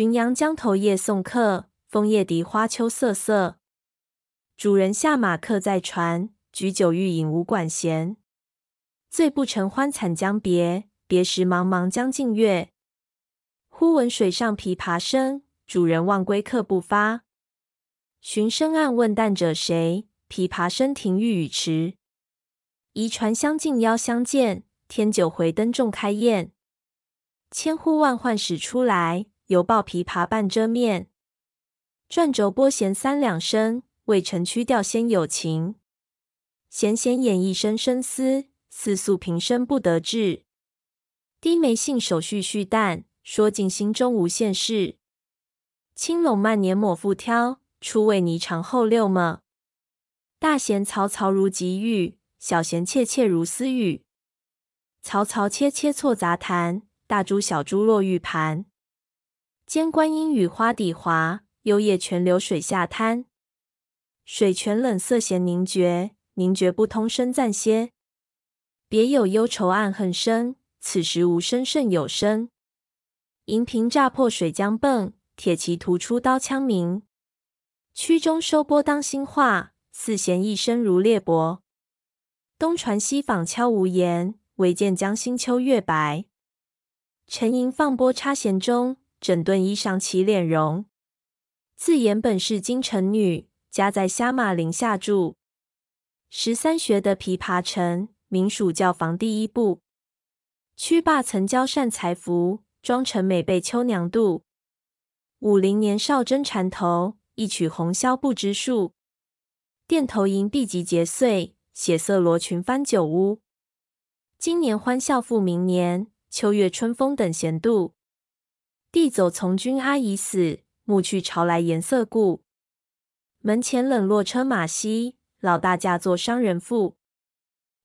潯陽江頭夜送客，楓葉荻花秋瑟瑟。主人下馬客在船，舉酒欲飲無管弦。醉不成歡慘將別，別時茫茫江浸月。忽聞水上琵琶聲，主人忘歸客不發。尋聲暗問彈者誰？琵琶聲停欲語遲。移船相近邀相見，添酒回燈重開宴。千呼萬喚始出來。猶抱琵琶半遮面，轉軸撥絃三兩聲，未成曲調先有情。絃絃掩抑聲聲思，似訴平生不得志。低眉信手續續彈，說盡心中無限事。輕攏慢捻抹復挑，初為霓裳後六麼。大絃嘈嘈如急雨，小絃切切如私語。嘈嘈切切錯雜彈，大珠小珠落玉盤。間關鶯語花底滑，幽咽泉流水下灘。水泉冷澀絃凝絕，凝絕不通聲暫歇。別有幽愁暗恨生，此時無聲勝有聲。銀瓶乍破水漿迸，鐵騎突出刀槍鳴。曲終收撥當心畫，四絃一聲如裂帛。東船西舫悄無言，唯見江心秋月白。沉吟放撥插絃中，整頓衣裳起斂容，自言本是京城女，家在蝦蟆陵下住。十三學得琵琶成，名屬教坊第一部。曲罷曾教善才服，妝成每被秋娘妒。五陵年少爭纏頭，一曲紅綃不知數。鈿頭銀篦擊節碎，血色羅裙翻酒污。今年歡笑復明年，秋月春風等閒度。弟走從軍阿姨死，暮去朝來顏色故。門前冷落車馬稀，老大嫁作商人婦。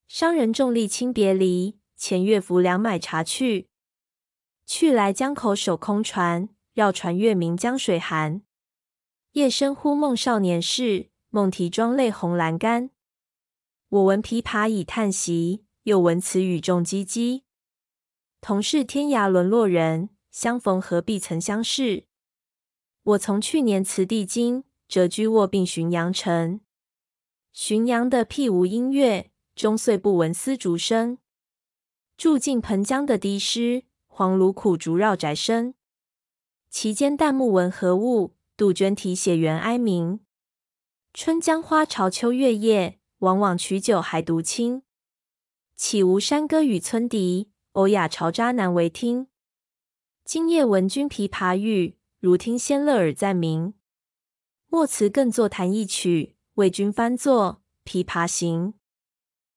商人重利輕別離，前月浮梁買茶去。去來江口守空船，繞船月明江水寒。夜深忽夢少年事，夢啼妝淚紅闌干。我聞琵琶已歎息，又聞此語重唧唧。同是天涯淪落人。相逢何必曾相識？我從去年辭帝京，謫居臥病潯陽城。潯陽地僻無音樂，終歲不聞絲竹聲。住近湓江地低濕，黃蘆苦竹繞宅生。其間旦暮聞何物？杜鵑啼血猿哀鳴。春江花朝秋月夜，往往取酒還獨傾。豈無山歌與村笛？嘔啞嘲哳難為聽。今夜聞君琵琶語，如聽仙樂耳暫明。莫辭更坐彈一曲，為君翻作《琵琶行》。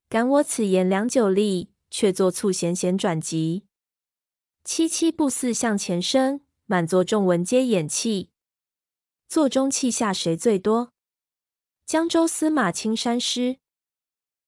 感我此言良久立，卻坐促絃絃轉急。淒淒不似向前聲，滿座重聞皆掩泣。座中泣下誰最多？江州司馬青衫溼。